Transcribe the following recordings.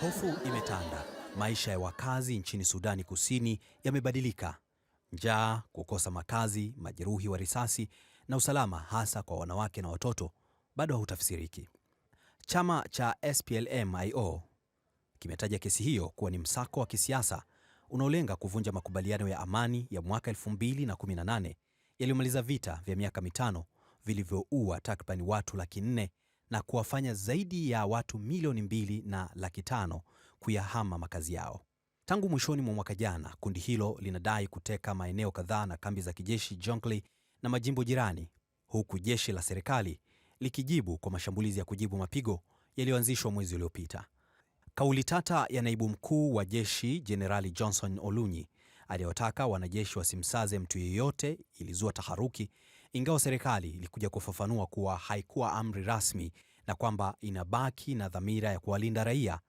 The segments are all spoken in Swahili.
Hofu imetanda. Maisha ya wakazi nchini Sudani Kusini yamebadilika. Njaa, kukosa makazi, majeruhi wa risasi na usalama hasa kwa wanawake na watoto bado hautafsiriki. Chama cha SPLM-IO kimetaja kesi hiyo kuwa ni msako wa kisiasa unaolenga kuvunja makubaliano ya amani ya mwaka 2018 yaliyomaliza vita vya miaka mitano vilivyoua takriban watu laki nne na kuwafanya zaidi ya watu milioni mbili na laki tano kuyahama makazi yao. Tangu mwishoni mwa mwaka jana, kundi hilo linadai kuteka maeneo kadhaa na kambi za kijeshi Jonglei na majimbo jirani, huku jeshi la serikali likijibu kwa mashambulizi ya kujibu mapigo yaliyoanzishwa mwezi uliopita. Kauli tata ya naibu mkuu wa jeshi Jenerali Johnson Olunyi aliyewataka wanajeshi wasimsaze mtu yeyote ilizua taharuki ingawa serikali ilikuja kufafanua kuwa haikuwa amri rasmi na kwamba inabaki na dhamira ya kuwalinda raia.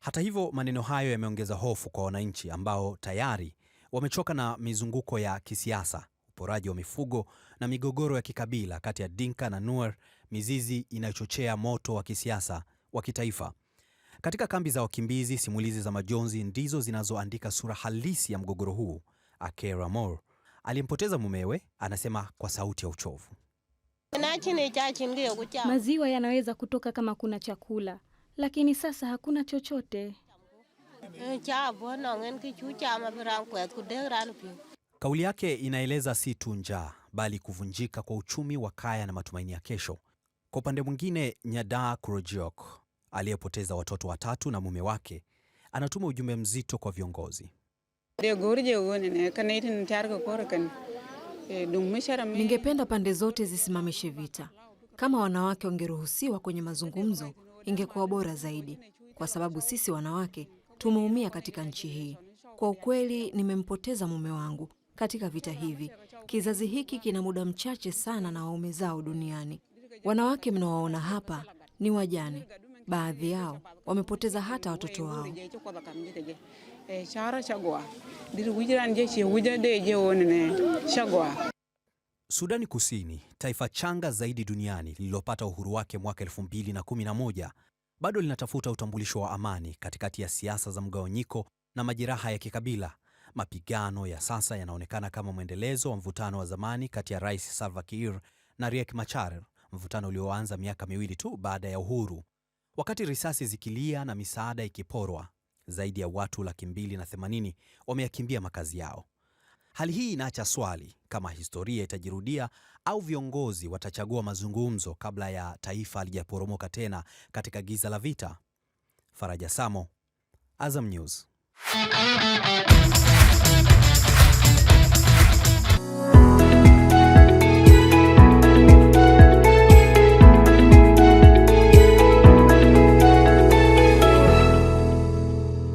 Hata hivyo, maneno hayo yameongeza hofu kwa wananchi ambao tayari wamechoka na mizunguko ya kisiasa, uporaji wa mifugo na migogoro ya kikabila kati ya Dinka na Nuer, mizizi inayochochea moto wa kisiasa wa kitaifa. Katika kambi za wakimbizi, simulizi za majonzi ndizo zinazoandika sura halisi ya mgogoro huu. Akera Moore aliyempoteza mumewe anasema kwa sauti ya uchovu. Maziwa yanaweza kutoka kama kuna chakula, lakini sasa hakuna chochote. Eh, Kauli yake inaeleza si tu njaa, bali kuvunjika kwa uchumi wa kaya na matumaini ya kesho. Kwa upande mwingine, Nyadaa Kurojiok aliyepoteza watoto watatu na mume wake anatuma ujumbe mzito kwa viongozi. E, Ningependa pande zote zisimamishe vita. Kama wanawake wangeruhusiwa kwenye mazungumzo, ingekuwa bora zaidi, kwa sababu sisi wanawake tumeumia katika nchi hii. Kwa ukweli, nimempoteza mume wangu katika vita hivi. Kizazi hiki kina muda mchache sana na waume zao duniani. Wanawake mnawaona hapa ni wajane, baadhi yao wamepoteza hata watoto wao. E, Sudani Kusini, taifa changa zaidi duniani lililopata uhuru wake mwaka 2011, bado linatafuta utambulisho wa amani katikati ya siasa za mgawanyiko na majeraha ya kikabila. Mapigano ya sasa yanaonekana kama mwendelezo wa mvutano wa zamani kati ya Rais Salva Kiir na Riek Machar, mvutano ulioanza miaka miwili tu baada ya uhuru. Wakati risasi zikilia na misaada ikiporwa, zaidi ya watu laki mbili na themanini wameyakimbia makazi yao. Hali hii inaacha swali kama historia itajirudia au viongozi watachagua mazungumzo kabla ya taifa halijaporomoka tena katika giza la vita. Faraja Samo, Azam News.